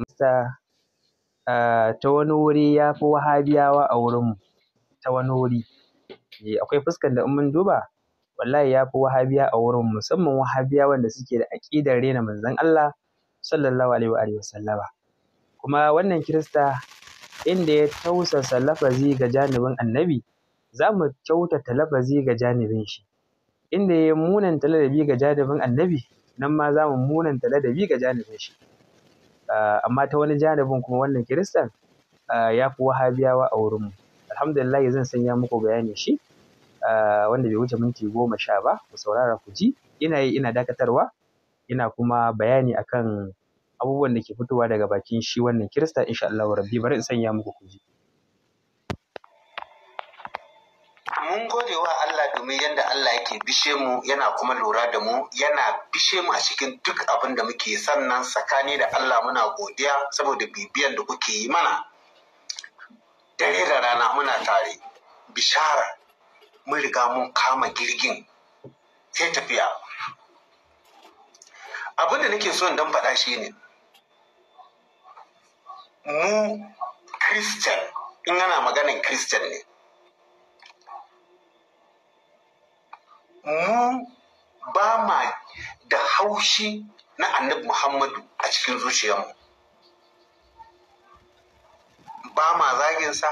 Kirista ah, ta wani wuri ya fi Wahabiyawa a wurinmu, ta wani wuri. Eh, akwai fuskan da in mun duba, wallahi ya fi Wahabiya a mu, musamman Wahabiyawan wanda suke da aƙidar rena Manzon Allah Sallallahu Alaihi wa sallama. Kuma wannan Kirista inda ya tausasa lafazi ga janibin Annabi, za mu kyautata lafazi ga janibin shi. Inda ya munanta ladabi ga janibin Annabi, nan ma za mu munanta ladabi ga janibin shi. Ah, amma ta wani janibin kuma wannan kiristan ah, ya fi wahabiyawa a wurin wurinmu alhamdulillah zan sanya muku bayanin shi ah, wanda bai wuce minti goma sha ba ku saurara ku ji ina yi ina dakatarwa ina kuma bayani akan abubuwan da ke fitowa daga bakin shi wannan kirista insha Allah rabbi bari in sanya muku ku ji mun gode wa Allah domin yadda Allah yake bishe mu yana kuma lura da mu yana bishe mu a cikin duk abin da muke sannan tsakani da Allah muna godiya saboda bibiyan da kuke yi mana dare da rana muna tare bishara mun riga mun kama girgin sai tafiya abin da nake so dan faɗa shi ne mu christian in ana maganin christian ne mu ba ma da haushi na annabi Muhammadu a cikin zuciyarmu. Ba ma zaginsa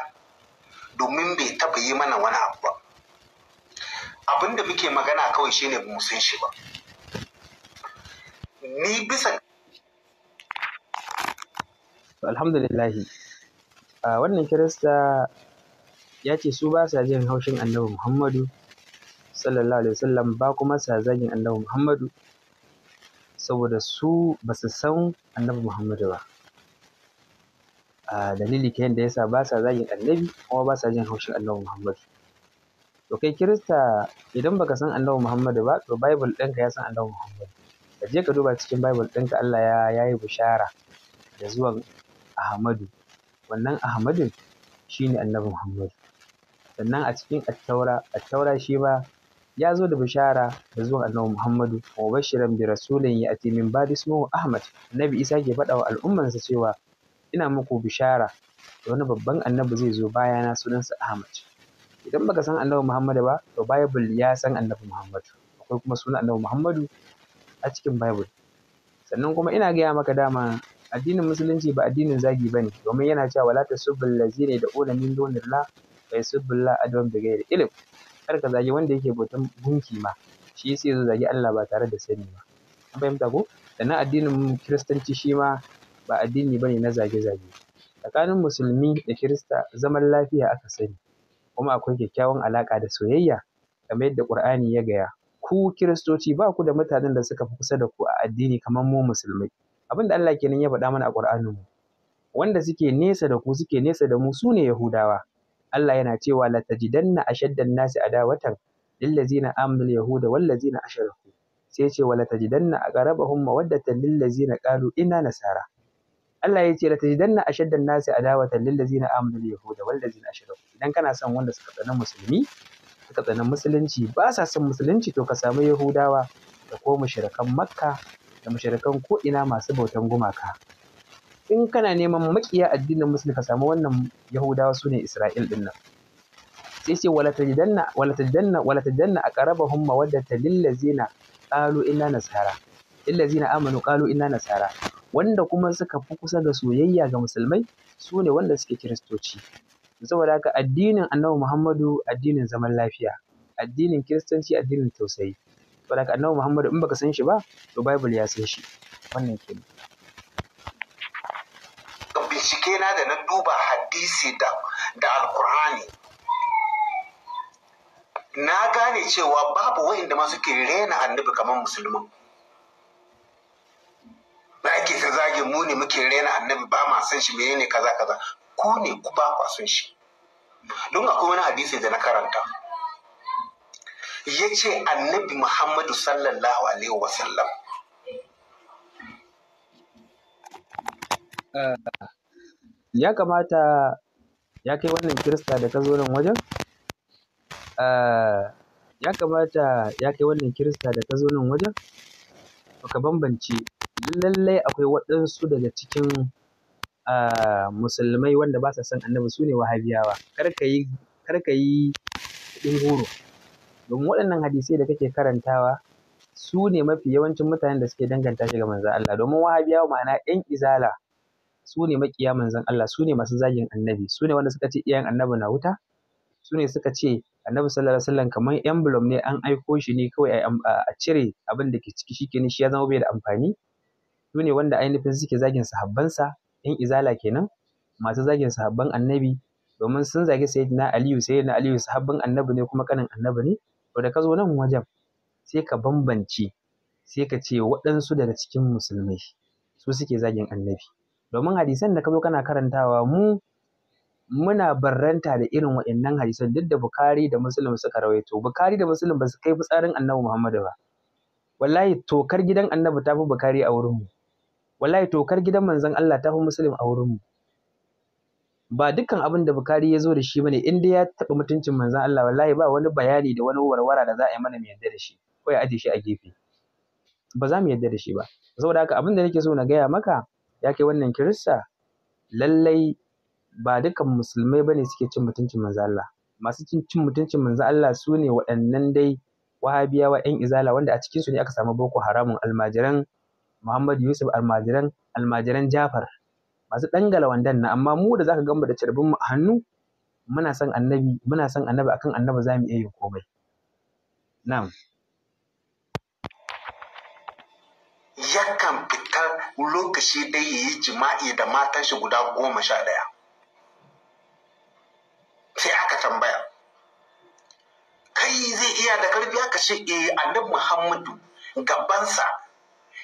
domin bai taba yi mana wani abu ba. Abin da muke magana kawai shine ba mu san shi ba. Ni bisa Alhamdulillahi, ah, wannan Kirista ya ce su ba sa jin haushin annabi Muhammadu sallallahu alaihi wasallam ba kuma sa zagin annabi muhammadu saboda su ba su san annabi muhammadu ba a dalili kenan da yasa ba sa zagin annabi kuma ba sa jin haushin annabi muhammadu to kai kirista idan baka san annabi muhammadu ba to bible ɗinka ya san annabi muhammadu ka je ka duba cikin bible ɗinka allah ya yayi bishara da zuwan ahmadu wannan ahmadin shine annabi muhammadu sannan a cikin attaura attaura shi ba ya zo da bishara da zuwan annabi Muhammadu wa bashiran bi rasulin ya ati min ba'di ismuhu Ahmad annabi Isa ke faɗa wa al'ummansa cewa ina muku bishara da wani babban annabi zai zo bayana sunansa Ahmad idan baka san annabi Muhammadu ba to Bible ya san annabi Muhammadu akwai kuma sunan annabi Muhammadu a cikin Bible sannan kuma ina gaya maka dama addinin musulunci ba addinin zagi ba ne, domin yana cewa wala ne lazina yad'una min dunillah fa yasubbillah adwan bighairi ilm kar ka zagi wanda yake bautan gunki ma shi sai zo zagi Allah ba tare da sani ba an fahimta ko sannan addinin kiristanci shi ma ba addini bane na zage-zage tsakanin musulmi da kirista zaman lafiya aka sani kuma akwai kyakkyawan alaƙa da soyayya kamar yadda ƙur'ani ya gaya ku kiristoci ba ku da mutanen da suka fi kusa da ku a addini kamar mu musulmai abin da Allah kenan ya faɗa mana a ƙur'anin mu wanda suke nesa da ku suke nesa da mu su ne yahudawa Allah yana cewa la tajidanna ashaddan nasi adawatan lillazina amanu yahuda wallazina ashraku sai ce wala tajidanna aqrabahum mawaddatan lillazina qalu inna nasara Allah ya ce la tajidanna ashaddan nasi adawatan lillazina amanu yahuda wallazina ashraku idan kana son wanda suka tsana musulmi suka tsana musulunci ba sa son musulunci to ka samu yahudawa da ko mushrikan makka da mushrikan ko ina masu bautan gumaka in kana neman makiya addinin musulmi ka samu wannan yahudawa su ne isra'il din nan sai ce wala tajidanna wala tajidanna wala tajidanna aqrabahum mawaddata lillazina qalu inna nasara lillazina amanu qalu inna nasara wanda kuma suka fi kusa da soyayya ga musulmai su ne wanda suke kiristoci saboda haka addinin annabi muhammadu addinin zaman lafiya addinin kiristanci addinin tausayi saboda haka annabi muhammadu in baka san shi ba to bible ya san shi wannan kenan bincike na da na duba hadisi da da alkur'ani na gane cewa babu wa'inda ma suke rena annabi kamar musulman da ake ta zage mu ne muke rena annabi ba ma san shi menene kaza kaza ku ne ku ba ku san shi don akwai wani hadisi da na karanta ya ce annabi muhammadu sallallahu alaihi wasallam eh. ya kamata ya kai wannan Kirista da ka zo nan wajen? Ah, ya kamata ya kai wannan Kirista da ka zo nan wajen? Ka bambance lallai akwai waɗansu daga cikin ah, musulmai wanda ba sa son annabi su ne wahabiyawa kar ka yi kar kuɗin goro domin waɗannan hadisai da kake karantawa su ne mafi yawancin mutanen da suke danganta shi ga manzon Allah domin wahabiyawa ma'ana 'yan izala su ne manzon Allah su ne masu zagin annabi su ne wanda suka ce iyayen annabi na wuta su suka ce annabi sallallahu alaihi wasallam kamar emblem ne an aiko shi ne kawai a cire abin da ke ciki shikenan shi ya zama bai da amfani su wanda ainihin suke zagin sahabbansa yan izala kenan masu zagin sahabban annabi domin sun zagi sayyidina aliyu sayyidina aliyu sahabban annabi ne kuma kanin annabi ne to da ka zo nan wajen sai ka bambance sai ka ce waɗansu daga cikin musulmai su suke zagin annabi domin hadisan da ka zo kana karantawa mu muna barranta da irin waɗannan hadisan duk da Bukhari da Muslim suka rawaito Bukhari da Muslim ba su kai fitsarin Annabi Muhammadu ba wallahi tokar gidan Annabi tafi Bukhari a wurin mu wallahi tokar gidan manzon Allah tafi Muslim a wurin mu ba dukkan abin da Bukhari ya zo da shi bane inda ya taɓa mutuncin manzon Allah wallahi ba wani bayani da wani warwara da za a yi mana mu yarda da shi ko ya aje shi a gefe ba za mu yarda da shi ba saboda haka abin da nake so na gaya maka ya kai wannan Kirista, lallai ba dukan musulmai bane suke cin mutuncin manzo Allah. Masu cin cin mutuncin manzo Allah su ne waɗannan dai wahabiyawa 'yan izala wanda a cikinsu ne aka samu boko haramun almajiran Muhammad Yusuf almajiran almajiran Jafar masu ɗangala wandan nan amma mu da zaka gamba da cirbin mu a hannu muna son annabi muna son annabi akan annabi zamu iya yin komai na'am yakan fita lokaci dai ya yi jima'i da matan shi guda goma sha ɗaya sai aka tambaya kai zai iya da karfi aka ce eh annabi muhammadu gabansa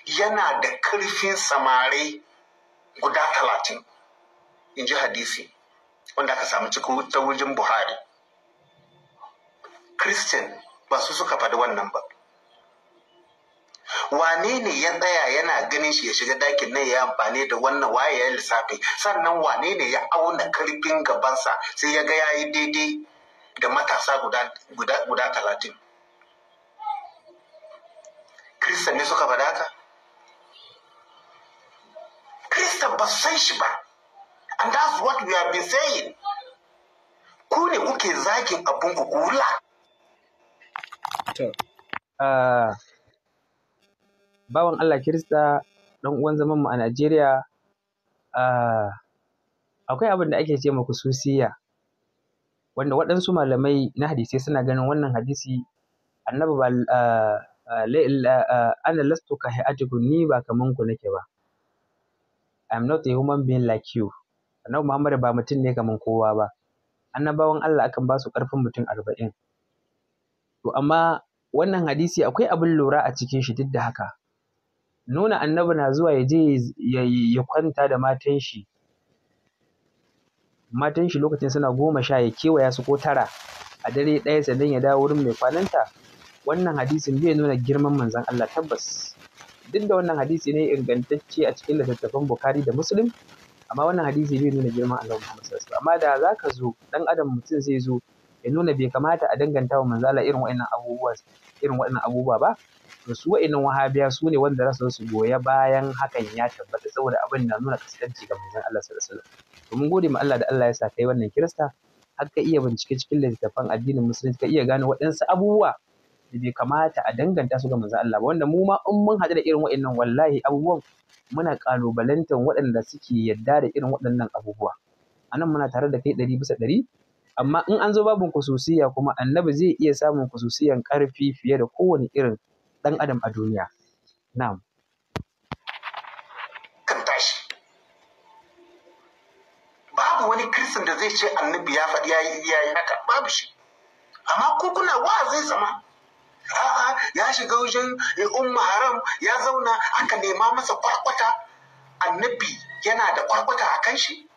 yana da karfin samare guda talatin in ji hadisi wanda aka samu cikin ta wajen buhari christian ba su suka faɗi wannan ba wane ne ya tsaya yana ganin shi ya shiga dakin nan ya amfani da wannan waye ya lissafi sannan wane ne ya auna karfin gabansa sai ya ga yayi daidai da matasa guda talatin krista ne suka faɗa ka krista ba su san shi ba and that's what we have been saying ku ne kuke zakin abin ku ah. bawan Allah Kirista ɗan uwan zaman mu a Najeriya ah, akwai abin da ake ce ma kususiya wanda waɗansu malamai na hadisai suna ganin wannan hadisi annabi ba ah, ah, ana lastu ka hayatukum ni ba kaman ku nake ba I'm not a human being like you annabi Muhammad ba mutum ne kaman kowa ba annabawan Allah akan basu su ƙarfin mutum arba'in to amma wannan hadisi akwai abin lura a cikin shi duk da haka nuna annabi na zuwa ya je ya kwanta da matan shi matan shi lokacin suna goma sha ya kewaya su ko tara a dare ɗaya sannan ya dawo wurin mai kwananta wannan hadisin bai nuna girman manzon Allah tabbas duk da wannan hadisi ne ingantacce a cikin littattafan Bukhari da Muslim amma wannan hadisi bai nuna girman Allah Muhammad sallallahu alaihi amma da zaka zo dan adam mutum zai zo ya nuna bai kamata a danganta wa manzala irin waɗannan abubuwa irin waɗannan abubuwa ba to su wa'annan wahabiya su ne wanda za su goya bayan hakan ya tabbata saboda abin na nuna kaskanci ga manzon Allah sallallahu alaihi wasallam to mun gode ma Allah da Allah ya sa kai wannan kirista har ka iya bincike cikin littattafan addinin musulunci ka iya gane waɗansu abubuwa da bai kamata a danganta su ga manzon Allah ba wanda mu ma in mun haɗu da irin wa'annan wallahi abubuwan muna ƙalubalantar waɗanda suke yadda da irin waɗannan abubuwa anan muna tare da kai ɗari bisa ɗari amma in an zo babin kususiya kuma annabi zai iya samun kususiyan ƙarfi fiye da kowane irin ɗan adam a duniya na'am kan tashi babu wani kristin da zai ce annabi ya faɗi ya yi haka babu shi amma ko kuna wa zai zama? a'a ya shiga wajen umma haram ya zauna aka nema masa kwakwata annabi yana da kwakwata a kan shi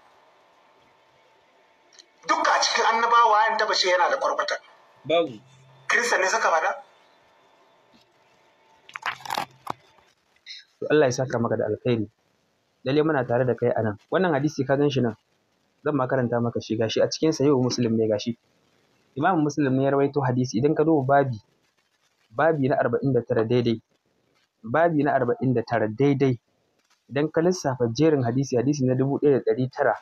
duk a cikin annabawa an taba shi yana da kwakwata babu kristan ne suka faɗa? to Allah ya saka maka da alkhairi lalle muna tare da kai anan wannan hadisi ka gan shi nan zan ma karanta maka shi gashi a cikin sahihu muslim ne gashi imam muslim ne ya rawaito hadisi idan ka duba babi babi na 49 daidai babi na 49 daidai idan ka lissafa jerin hadisi hadisi na 1913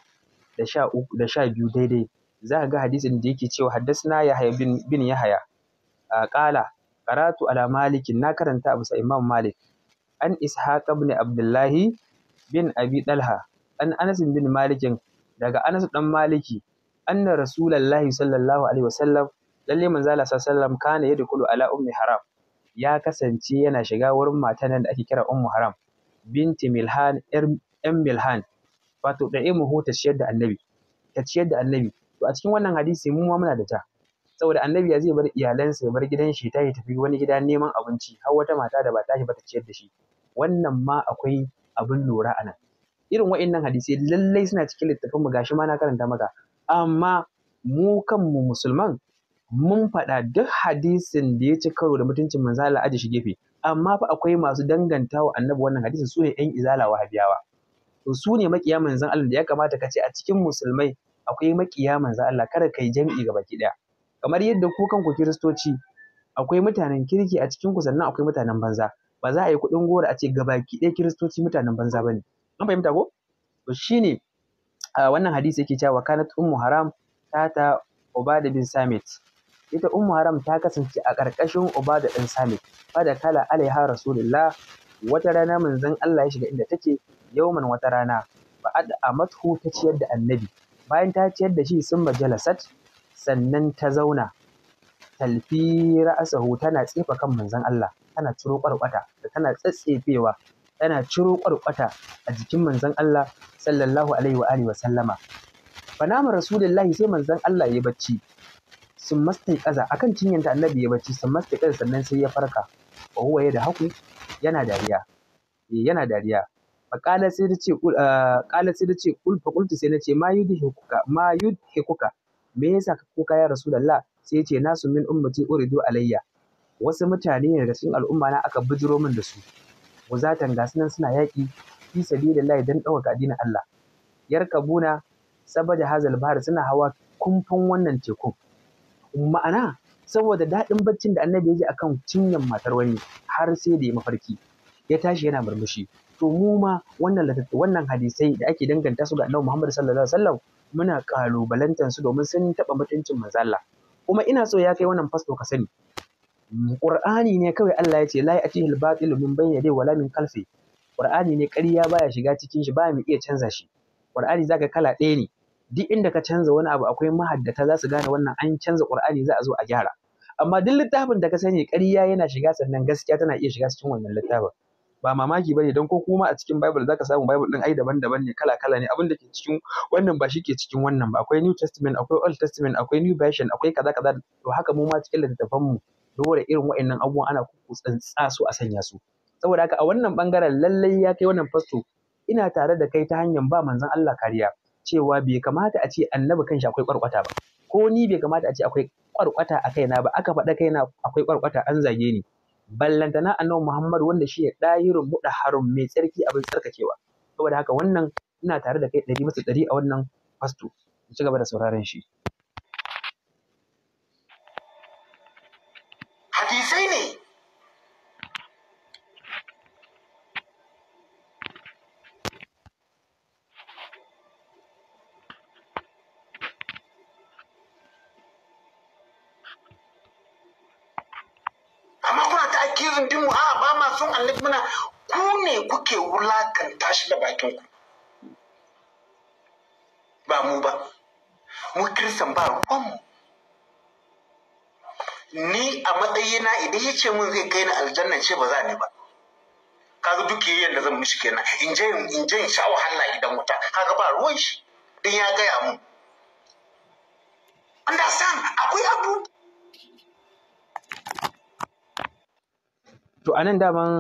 da sha biyu daidai za ka ga hadisin da yake cewa haddasna haya bin, bin yahaya a ƙala qaratu ala malikin na karanta abu sa imam malik an Ishaq ibn Abdullahi bin Abi Dalha an Anas bin Malikin daga Anas dan Maliki anna Rasulullahi sallallahu alaihi wasallam lalle manzo Allah sallallahu kana yadkhulu ala ummi haram ya kasance yana shiga wurin matan da ake kira ummu haram binti milhan yan milhan wato da imu ta ciyar da annabi ta ciyar da annabi to a cikin wannan hadisi mu ma muna da ta saboda annabi ya zai bar iyalansa ya bar gidan shi ta tafi wani gida neman abinci har wata mata da ba ta shi ba ta ciyar da shi wannan ma akwai abin lura a nan irin wa'innan hadisai lallai suna cikin littafin mu gashi ma na karanta maka amma mu kanmu musulman mun faɗa duk hadisin da ya ci karo da mutuncin manzo Allah aje shi gefe amma fa akwai masu danganta wa annabi wannan hadisin su ne 'yan izala wahabiyawa to su ne makiya manzon Allah da ya kamata ka ce a cikin musulmai akwai makiya manzon Allah kada kai jam'i ga baki daya kamar yadda ku kanku kiristoci akwai mutanen kirki a cikin sannan akwai mutanen banza ba za a yi kuɗin goro a ce gabaki ɗaya kiristoci mutanen banza ba ne. an fahimta ko to shine wannan hadisi yake cewa kanat ummu haram tata ubada bin samit ita ummu haram ta kasance a ƙarƙashin ubada ɗin samit da kala alaiha rasulullah wata rana manzon Allah ya shiga inda take yauman wata rana ba'ad amathu ta ciyar da annabi bayan ta ciyar da shi sun majalasat sannan ta zauna talfi ra'asahu tana tsefa kan manzon Allah tana ciro ƙwarƙwata da tana tsatsefewa tana ciro ƙwarƙwata a jikin manzon Allah sallallahu alaihi wa alihi wa sallama fanama rasulullahi sai manzon Allah ya bacci sun mastai kaza akan cinyanta annabi ya bacci sun mastai kaza sannan sai ya farka wa huwa ya da haku yana dariya eh, yana dariya faƙala sai ta ce ƙala ah, sai ta ce ƙulfa sai na ce ma yudhikuka ma yudhikuka me yasa ka kuka ya rasulullah sai yace nasu min ummati uridu alayya wasu mutane ne daga cikin al'umma na aka bijiro min da su wazatan ga sunan suna yaƙi fi sabilillahi dan ɗaukaka addinin Allah yarkabuna sabaja hazal bahar suna hawa kumfan wannan tekun ma'ana saboda daɗin baccin da annabi ya ji akan cinyan matar wani har sai da ya mafarki ya tashi yana murmushi to mu ma wannan wannan hadisai da ake danganta su ga annabi Muhammad sallallahu alaihi wasallam muna ƙalubalantar su domin sun taɓa mutuncin manzo kuma ina so ya kai wannan fasto ka sani Qur'ani ne kawai Allah ya ce la ya'tihi al-batil min bayni yadayhi wala min khalfi Qur'ani ne ƙarya baya shiga cikin shi ba mu iya canza shi Qur'ani zaka kala ɗaya ne duk inda ka canza wani abu akwai mahaddata za su gane wannan an canza Qur'ani za a zo a gyara amma duk littafin da ka sani ƙarya yana shiga sannan gaskiya tana iya shiga cikin wannan littafin ba mamaki bane don ko kuma a cikin Bible zaka samu Bible din ai daban-daban ne kala-kala ne abin da ke cikin wannan ba shi ke cikin wannan ba akwai New Testament akwai Old Testament akwai New Version akwai kaza kaza to haka mu ma cikin littafan mu dole irin waɗannan abubuwan ana tsantsa su a sanya su saboda haka a wannan bangaren lallai ya kai wannan fasto ina tare da kai ta hanyar ba manzon Allah kariya cewa bai kamata a ce annabi kanshi akwai kwarkwata ba ko ni bai kamata a ce akwai kwarkwata a kaina ba aka faɗa kaina akwai kwarkwata an zage ni ballantana annabi Muhammad wanda shi ne ɗahirun muɗa harun mai tsarki abin tsarkakewa saboda haka wannan ina tare da kai ɗari masa ɗari a wannan fasto ci gaba da sauraron shi hadisai ne ce mun zai kai ni aljanna ce ba za ni ba kaga duk yayin da zan mishi kenan in je in je in sha wahala idan wuta kaga ba ruwan shi din ya gaya mu understand akwai abu to anan daman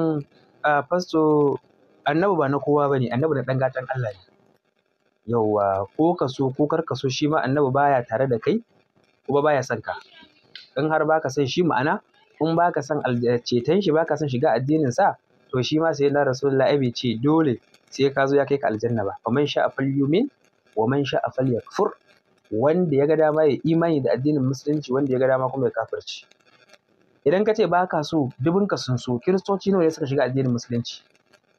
fasto annabi ba na kowa ba ne annabi na ɗan gatan Allah ne yauwa ko ka so ko kar ka so shi ma annabi baya tare da kai kuma baya son ka in har baka san shi ma'ana in ba ka son eh, ceton shi ba ka son shiga sa, to shi ma sai na rasulullah ai bai ce dole sai ka zo ya kai ka aljanna ba fa man sha'a falyumin wa man sha'a falyakfur wanda ya ga dama ya imani da addinin musulunci wanda ya ga dama kuma ya kafirci idan ka ce ba ka so ka sun so kiristoci nawa ne suka shiga addinin musulunci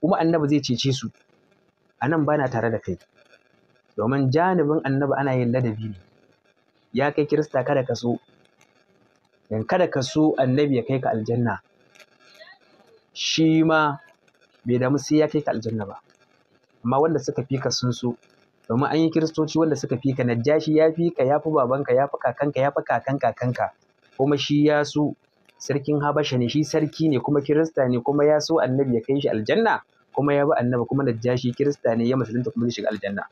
kuma annabi zai cece su a nan ba na tare da kai domin janibin annabi ana yin ladabi ne ya kai kirista kada ka so dan kada ka so annabi ya kai ka aljanna shi ma bai damu sai ya kai ka aljanna ba amma wanda suka fi ka sun so domin an yi kiristoci wanda suka fi ka najashi ya fi ka ya fi babanka ya fi kakanka ya fi kakan kakanka kuma shi ya so sarkin habasha ne shi sarki ne kuma kirista ne kuma ya so annabi ya kai shi aljanna kuma ya bi annabi kuma najjashi kirista ne ya musulunta kuma zai shiga aljanna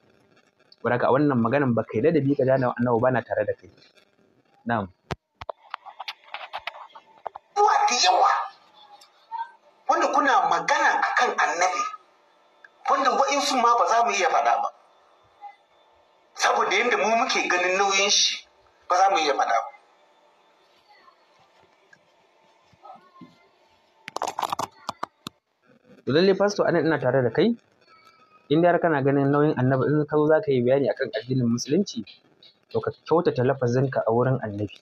baraka wannan maganan ba kai ladabi ka gane annabi ba na tare da kai na'am da yawa wanda kuna magana akan annabi wanda wa'insu ma ba za mu iya faɗa ba saboda yadda mu muke ganin nauyin shi ba za mu iya faɗa ba to lalle fasto anan ina tare da kai in dai har kana ganin nauyin annabi in ka zo za ka yi bayani akan addinin musulunci to ka kyautata lafazinka a wurin annabi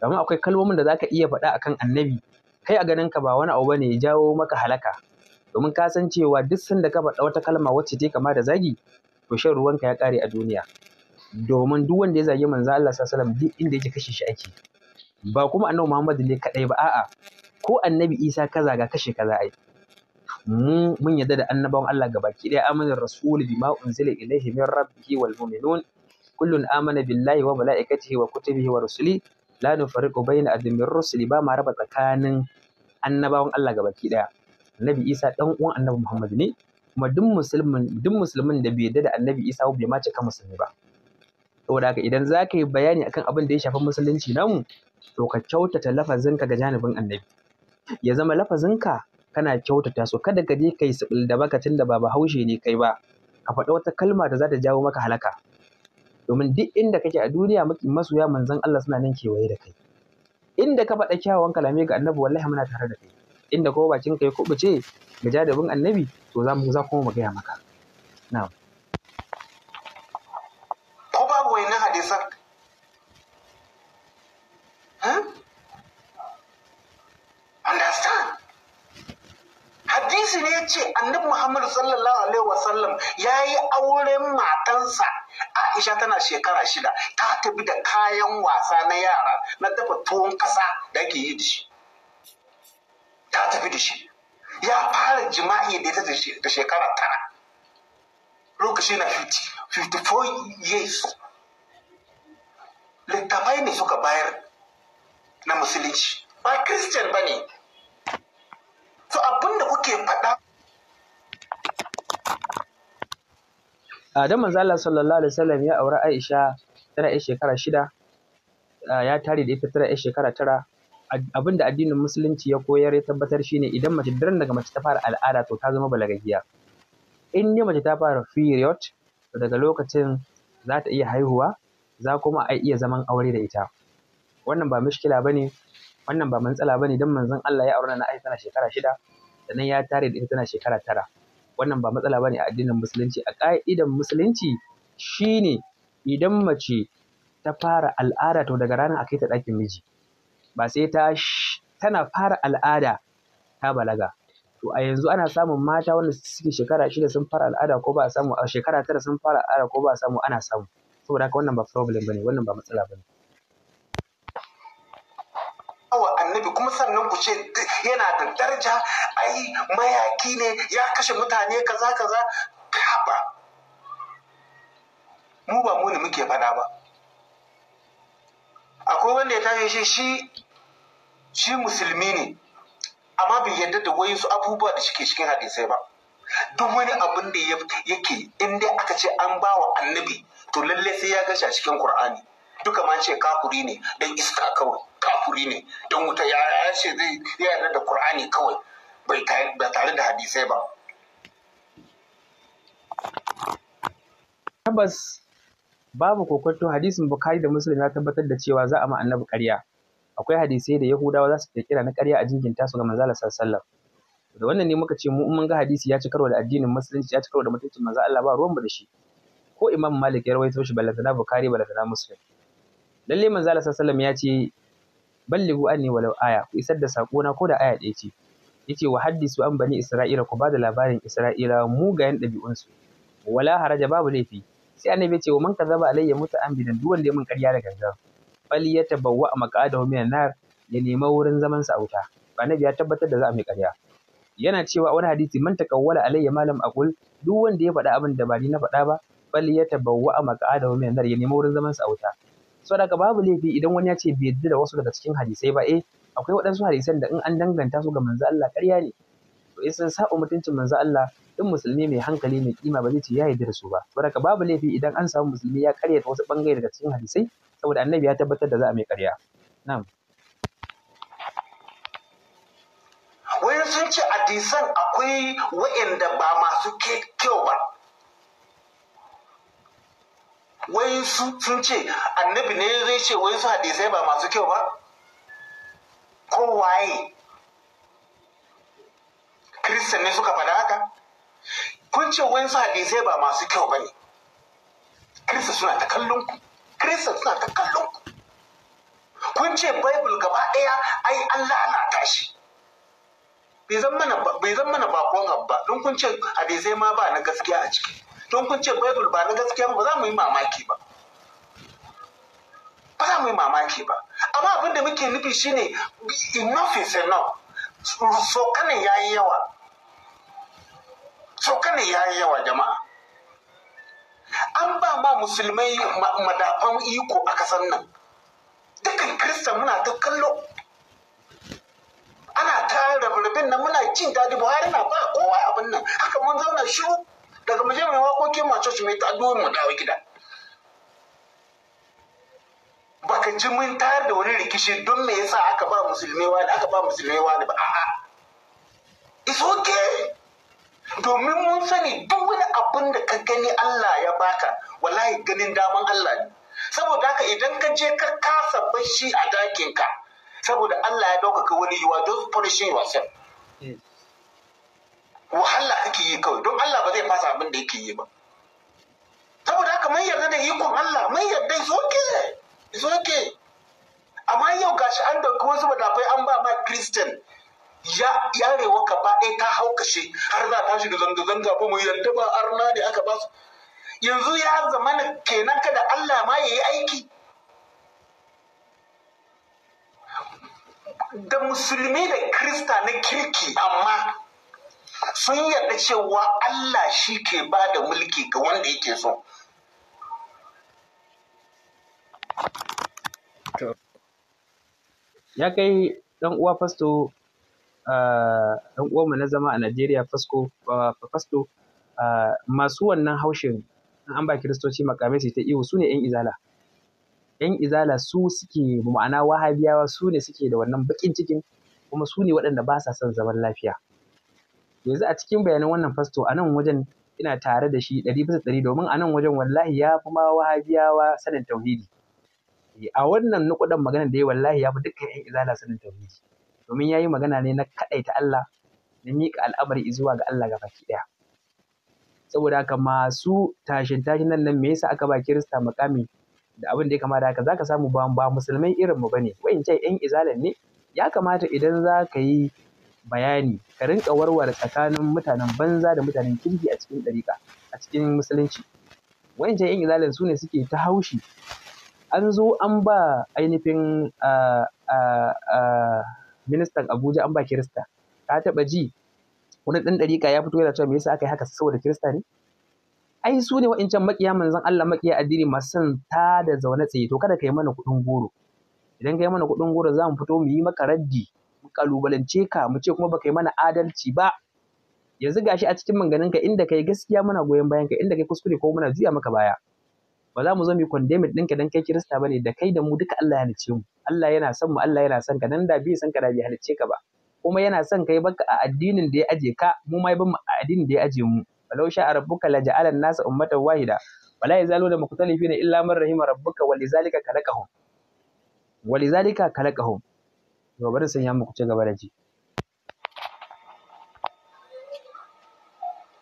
domin akwai kalmomin da za ka iya faɗa akan annabi kai a ganin ganinka ba wani abu bane ya jawo maka halaka domin ka san cewa duk sanda ka faɗa wata kalma wacce ta kama da zagi to shan ruwanka ya ƙare a duniya domin duk wanda ya zagi manzo Allah sallallahu alaihi wasallam duk inda yake kashe shi ake ba kuma annabi Muhammad ne kadai ba a'a ko annabi Isa ka zaga kashe kaza za a mu mun yarda da annabawan Allah gabaki ɗaya amanar rasul bima unzila ilaihi min rabbihi wal mu'minun kullun amana billahi wa malaikatihi wa kutubihi wa rusuli la nufarriqu bai na min rusuli ba ma raba tsakanin annabawan Allah gabaki ɗaya. annabi Isa ɗan uwan annabi Muhammad ne kuma duk musulmin duk musulmin da bai yarda da annabi Isa bai mace kan musulmi ba saboda haka idan za ka yi bayani akan abin da ya shafi musulunci namu to ka kyautata ka ga janibin annabi ya zama lafazin ka kana kyautata so kada ka je kai sibil da baka tunda ba bahaushe ne kai ba ka faɗa wata kalma da za ta jawo maka halaka domin duk inda kake a duniya masoya manzon Allah suna nan kewaye da kai inda ka faɗa kyawawan kalamai ga annabi wallahi muna tare da kai inda kuma bakin ka ya kubuce ga jadabin annabi to za mu za kuma mu gaya maka na'am ko babu wayannan hadisan hadisi ne ya ce annabi muhammadu sallallahu alaihi wasallam ya yi auren matansa Aisha tana shekara shida ta tafi da kayan wasa na yara na dafa tuwon kasa da ake yi da shi. Ta tafi da shi. Ya fara jima'i da ita da shekara tara. Lokaci na 54 years. Littafai ne suka bayar na musulunci. Ba Christian ba ne. So abinda kuke faɗa dan manzo Allah sallallahu alaihi wasallam ya aure Aisha tana yar shekara shida ah, ya tare da ita tana yar shekara tara Abinda addinin musulunci ya koyar ya tabbatar shine idan mace daren daga mace ta fara al'ada to ta zama balagaggiya in ne mace ta fara period daga lokacin za ta iya haihuwa za kuma a iya zaman aure da ita wannan ba mushkila bane wannan ba matsala bane dan manzon Allah ya aure na Aisha tana shekara shida sannan ya tare da ita tana shekara tara wannan ba matsala bane a addinin musulunci a ƙa'idan musulunci shine idan mace ta fara al'ada to daga ranar a kai ta ɗakin miji ba sai ta tana fara al'ada ta balaga to a yanzu ana samun mata wanda suke shekara shida sun fara al'ada ko ba samu a shekara tara sun fara al'ada ko ba samu ana samu saboda haka wannan ba problem bane wannan ba matsala bane annabi kuma sannan ku ce yana da daraja ai mayaki ne ya kashe mutane kaza kaza haba mu ba mu ne muke fada ba akwai wanda ya tashi shi shi shi musulmi ne amma bai yarda da su abubuwa da suke cikin hadisai ba duk wani abin da yake in dai aka ce an ba wa annabi to lallai sai ya gashi a cikin qur'ani duka ma ce kafuri ne don iska kawai kafuri ne don wuta ya ce zai yarda da Qur'ani kawai bai tare da hadisai ba tabbas babu kokonto hadisin bukari da muslim ya tabbatar da cewa za a ma annabi ƙarya akwai hadisai da yahudawa za su kira na ƙarya a jinginta su ga manzala sallallahu da wannan ne muka ce mu mun ga hadisi ya ci karo da addinin musulunci ya ci karo da mutuncin manzo Allah ba ruwan ba da shi ko imam malik ya rawaito shi balazana bukhari balazana muslim lalle manzo Allah sallallahu alaihi wasallam ya ce ballighu anni walau aya ku isar da sako na ko da aya ɗaya ce yace wa haddisu an bani isra'ila ku bada labarin isra'ila mugayen ɗabi'unsu wala haraja babu laifi sai annabi ce wa man kadzaba alayya muta an bidan duk wanda ya min ƙarya da ganga a yatabawwa maqadahu minan nar ya nema wurin zaman sa a annabi ya tabbatar da za a mai ƙarya yana cewa wani hadisi man takawwala alayya malam aqul duk wanda ya faɗa abin da ba ni na faɗa ba a yatabawwa maqadahu minan nar ya nema wurin zaman sa a daga babu laifi idan wani ya ce bai yadda da wasu daga cikin hadisai ba eh akwai waɗansu hadisan da in an danganta su ga manzo Allah ƙarya ne to in sun saba mutuncin manzo Allah duk musulmi mai hankali mai kima ba zai ce ya yarda da su ba daga babu laifi idan an samu musulmi ya ta wasu bangare daga cikin hadisai saboda annabi ya tabbatar da za a mai ƙarya na'am sun ce hadisan akwai wa'anda ba masu kyau ba wai su sun ce annabi ne zai ce wai su hadisai ba masu kyau ba ko waye kristan ne suka faɗa haka kun ce wai su hadisai ba masu kyau ba ne kristan suna ta kallon ku kristan suna ta kallon ku kun ce bible gaba ɗaya ai an lalata shi bai zan mana bakon abu ba don kun ce hadisai ma ba na gaskiya a ciki don kun ce bible ba na gaskiya ba za mu yi mamaki ba ba za mu yi mamaki ba amma abin da muke nufi shine enough is enough sokanin ya yi yawa sokanin ya yi yawa jama'a an ba ma musulmai madafan iko a kasan nan dukan kristan muna ta kallo ana ta rabin nan muna jin daɗi buhari na ba kowa abin nan haka mun zauna shiru daga mu je mu waƙoƙi ma church mu yi mu dawo gida baka ji mun tayar da wani rikici don me yasa aka ba musulmai wani aka ba musulmai wani ba a'a it's okay domin mun sani duk wani abin da ka gani Allah ya baka wallahi ganin daman Allah ne saboda haka idan ka je ka kasa bashi a dakin ka, saboda Allah ya ɗaukaka wani yiwa don punishing yourself wahala kake yi kawai don Allah ba zai fasa abin da yake yi ba saboda haka mai yarda da ikon Allah mai yarda is okay is okay amma yau gashi an dauki wasu madafai an ba ma Christian ya yarewa gaba ɗaya ta haukashe har za ta da zanga-zanga ba mu yarda ba arna ne aka ba su yanzu ya zamana kenan kada Allah ma ya yi aiki da musulmi da krista na kirki amma sun yarda cewa Allah shi ke ba da mulki ga wanda yake so. Ya kai ɗan uwa fasto ɗan uwa mu na zama a Najeriya fasko fasto masu wannan haushin an ba kiristoci makamai su ta iyo su ne 'yan izala. 'yan izala su suke ma'ana wahabiyawa su ne suke da wannan bakin cikin kuma su ne waɗanda ba sa son zaman lafiya. yanzu a cikin bayanan wannan fasto a nan wajen ina tare da shi ɗari bisa ɗari domin a nan wajen wallahi ya fi ma wahabiyawa sanin tauhidi eh, a wannan nukudan maganar da ya wallahi ya fi dukkan yan izala sanin tauhidi domin ya yi magana ne na kaɗaita Allah na miƙa al'amari zuwa ga Allah gabaki ɗaya saboda haka masu tashin tashin nan nan me yasa aka ba kirista makami da abin da ya kamata haka zaka samu ba ba musulmai irin mu bane wayancan yan izalan ne ya kamata idan za ka yi bayani ka rinƙa warware tsakanin mutanen banza da mutanen kirki a cikin ɗariƙa a cikin musulunci wa'incan yan izalin su ne suke ta haushi an zo an ba ainihin ministan abuja an ba kirista ka taɓa ji wani ɗan ɗariƙa ya fito yana cewa me yasa aka yi haka saboda kirista ne ai su ne wa'incan maƙiya manzon Allah maƙiya addini masu son ta da zaune tsaye to kada ka yi mana kuɗin goro idan ka yi mana kuɗin goro za mu fito mu yi maka raddi kalubalance ka mu ce kuma baka yi mana adalci ba yanzu gashi a cikin ka inda kai gaskiya muna goyon bayan ka inda kai kuskure ko muna juya maka baya ba za mu zo mu condemn ka dan kai kirista bane da kai da mu duka Allah ya halice mu Allah yana son mu Allah yana son ka nan da bai son ka da bai halice ka ba kuma yana son kai baka a addinin da ya aje ka mu ma ban mu a addinin da ya aje mu walau sha rabbuka la ja'ala an-nasa ummatan wahida wala yazaluna mukhtalifina illa man rahima rabbuka walizalika khalaqahum walizalika khalaqahum gobe da sanya muku ci gaba da ji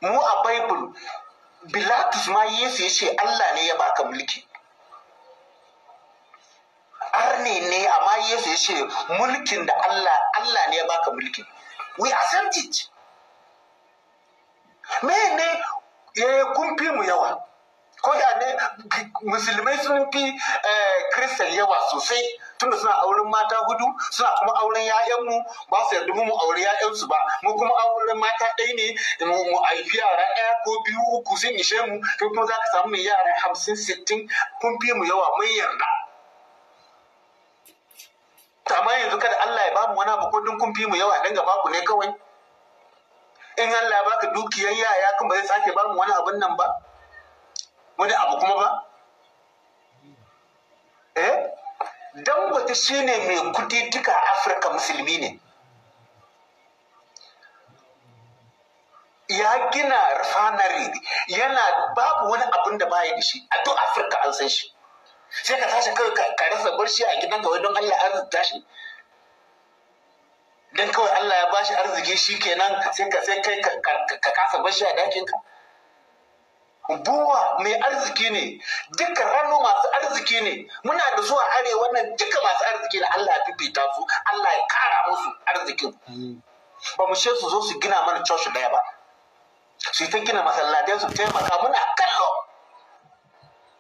mu a bible bilatus ma yesu ya ce allah ne ya baka mulki arne ne amma yesu ya ce mulkin da allah allah ne ya baka mulki we accept it me ne ya eh, kumfi mu yawa ko da ne musulmai sun fi kristal eh, yawa sosai tunda suna auren mata hudu suna kuma auren ƴaƴanmu ba su yarda mu aure ƴaƴansu ba mu kuma auren mata ɗaya ne mu haifi yara ɗaya ko biyu uku sun ishe mu to kuma za ka samu mai yara hamsin sittin kun fi mu yawa mun yarda amma yanzu kada Allah ya bamu wani abu ko dun kun fi mu yawa dan gaba ku ne kawai in Allah ya baka dukiyar yaya kan ba zai sake bamu wani abun nan ba wani abu kuma ba eh dangote shi ne mai kudi duka afirka musulmi ne ya gina refinery yana babu wani abin da baya da shi a duk afirka an san shi sai ka tashi kawai ka rasa barci a gidan gawai don allah arziki tashi don kawai allah ya bashi arziki shi kenan sai ka sai kai ka kasa barci a dakinka buwa mai arziki ne duka hannu masu arziki ne muna da zuwa arewa wannan duka masu arziki ne Allah ya fifita su Allah ya kara musu arzikin ba mu su zo su gina mana coci daya ba su ta gina masallatai su taimaka muna kallo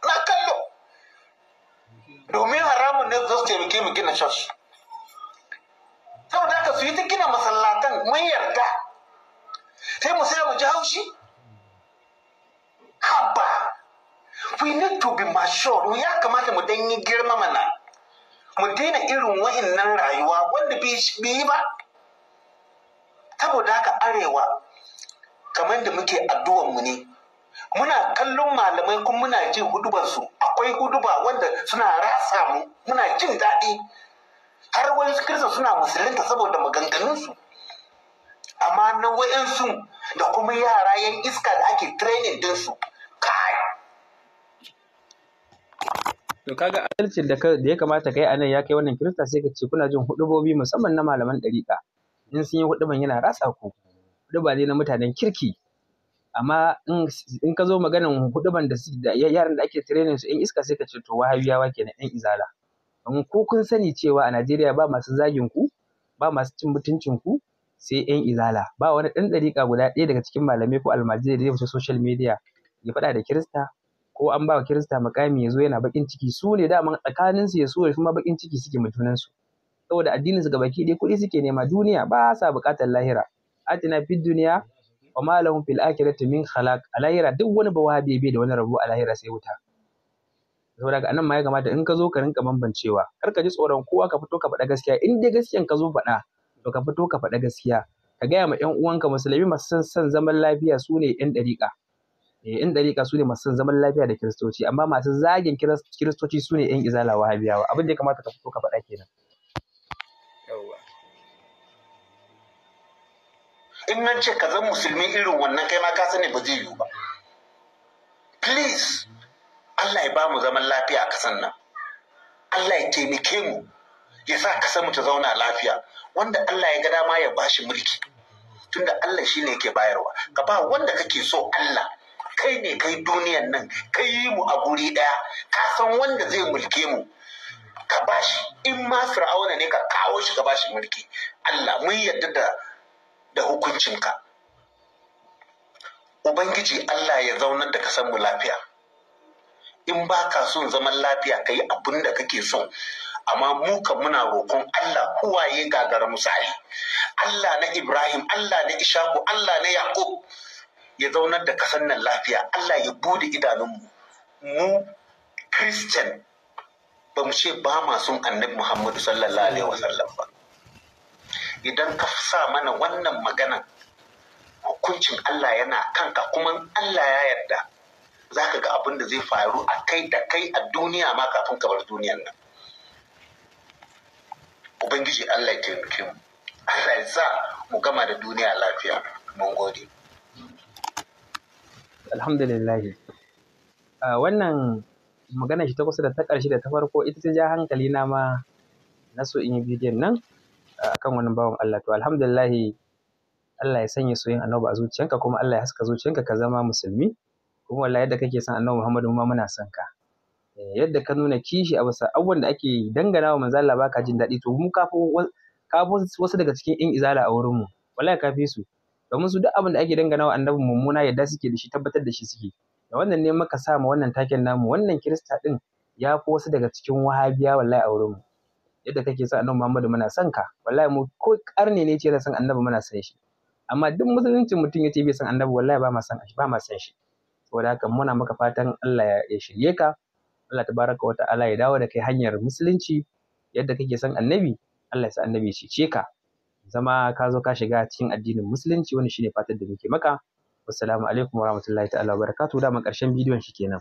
na kallo domin haramun ne zo su taimake mu gina coci saboda haka su yi ta gina masallatan mun yarda sai mu sai mu ji haushi haba we need to be mature mu ya kamata mu dan yi girma mana mu daina irin wa'annan rayuwa wanda bai yi ba saboda haka arewa kamar da muke addu'an mu ne muna kallon malamai kuma muna jin hudubarsu akwai huduba wanda suna ratsa mu muna jin daɗi har wani kirsa suna musulunta saboda maganganunsu amma na wa'insu da kuma yara yan iska da ake training dinsu To kaga adalcin da ya kamata kai anan ya kai wannan kirista sai ka ce kuna jin hudubobi musamman na malaman ɗariƙa. In sun yi huduban yana rasa ku. Huduba ne na mutanen kirki. Amma in ka zo maganan huduban da yaran da ake training su in iska sai ka ce to wahabiyawa kenan yan izala. don ku kun sani cewa a Najeriya ba masu zagin ku, ba masu cin mutuncin ku, sai yan izala. Ba wani ɗan ɗariƙa guda ɗaya daga cikin malamai ko almajiri da zai social media ya faɗa da kirista ko an ba kirista makami ya zo yana bakin ciki su ne daman tsakaninsu ya so ya ma bakin ciki suke mutunan su saboda addinin su gabaki ɗaya kuɗi suke nema duniya ba sa buƙatar lahira atina fid duniya wa ma lahum fil akhirati min khalaq a lahira duk wani bawahabi bai da wani rabo a lahira sai wuta saboda ga anan ma ya kamata in ka zo ka rinka bambancewa kar ka ji tsoron kowa ka fito ka faɗa gaskiya in dai gaskiyan ka zo faɗa to ka fito ka faɗa gaskiya ka gaya ma 'yan uwanka musulmi masu son zaman lafiya su ne 'yan ɗariƙa yan eh, ɗariƙa su ne masu zaman lafiya da kiristoci amma masu zagin kiristoci su ne yan izala wahabiyawa abin da ya kamata ka fito ka faɗa kenan in nan ce ka zama musulmi irin wannan kai ma ka sani ba zai yiwu ba please Allah ya ba mu zaman lafiya a kasan nan Allah ya taimake mu ya sa kasan mu ta zauna lafiya wanda Allah ya ga dama ya bashi mulki tunda Allah shine yake bayarwa ka ba wanda kake so Allah kai ne kai duniyan nan kai yi mu a guri ɗaya ka san wanda zai mulke mu ka bashi in ma fir'auna ne ka kawo shi ka bashi mulki Allah mun yarda da da ka. ubangiji Allah ya zauna da ka san mu lafiya in ba ka son zaman lafiya ka yi abin da kake so amma mu kan muna roƙon Allah kuwaye gagara misali Allah na Ibrahim Allah na Ishaku Allah na Yaqub ya zaunar da kasan nan lafiya Allah ya bude idanunmu mu Christian ba mu ce ba ma sun annabi Muhammadu sallallahu alaihi wasallam ba idan ka sa mana wannan magana hukuncin Allah yana kanka kuma Allah ya yarda za ka ga abin da zai faru a kai da kai a duniya ma kafin ka bar duniyar nan ubangiji Allah ya taimake mu Allah ya sa mu gama da duniya lafiya mun gode alhamdulillah ah, wannan magana shi ta kusa da ta ƙarshe da ta farko ita ta ja hankali na ma na so in yi bidiyon nan ah, akan wani bawan Allah to alhamdulillah Allah ya sanya soyayyen annabi a zuciyanka kuma Allah ya haska zuciyanka ka zama musulmi kuma wallahi yadda kake son annabi Muhammad mu ma muna son ka eh, yadda ka nuna kishi a bisa abubuwan da ake dangana wa manzo Allah baka jin daɗi to mu kafi wasu daga cikin 'yan izala a wurin mu wallahi ka fi su domin su duk abin da ake dangana wa annabi mummuna yadda suke da shi tabbatar da shi suke da wannan ne muka sa ma wannan taken namu wannan kirista din ya fi wasu daga cikin wahabiya wallahi a wurinmu yadda kake sa annabi Muhammadu muna son ka wallahi mu ko karne ne ce da son annabi muna son shi amma duk musulunci mutum yace bai son annabi wallahi ba ma son shi ba ma son shi saboda haka muna maka fatan Allah ya shirye ka Allah tabaraka wa ta'ala ya dawo da kai hanyar musulunci yadda kake son annabi Allah ya sa annabi ya ce ka zama ka zo ka shiga cikin addinin musulunci wani shine fatan da muke maka wassalamu alaikum warahmatullahi ta'ala wabarakatuh da dama karshen bidiyon shi kenan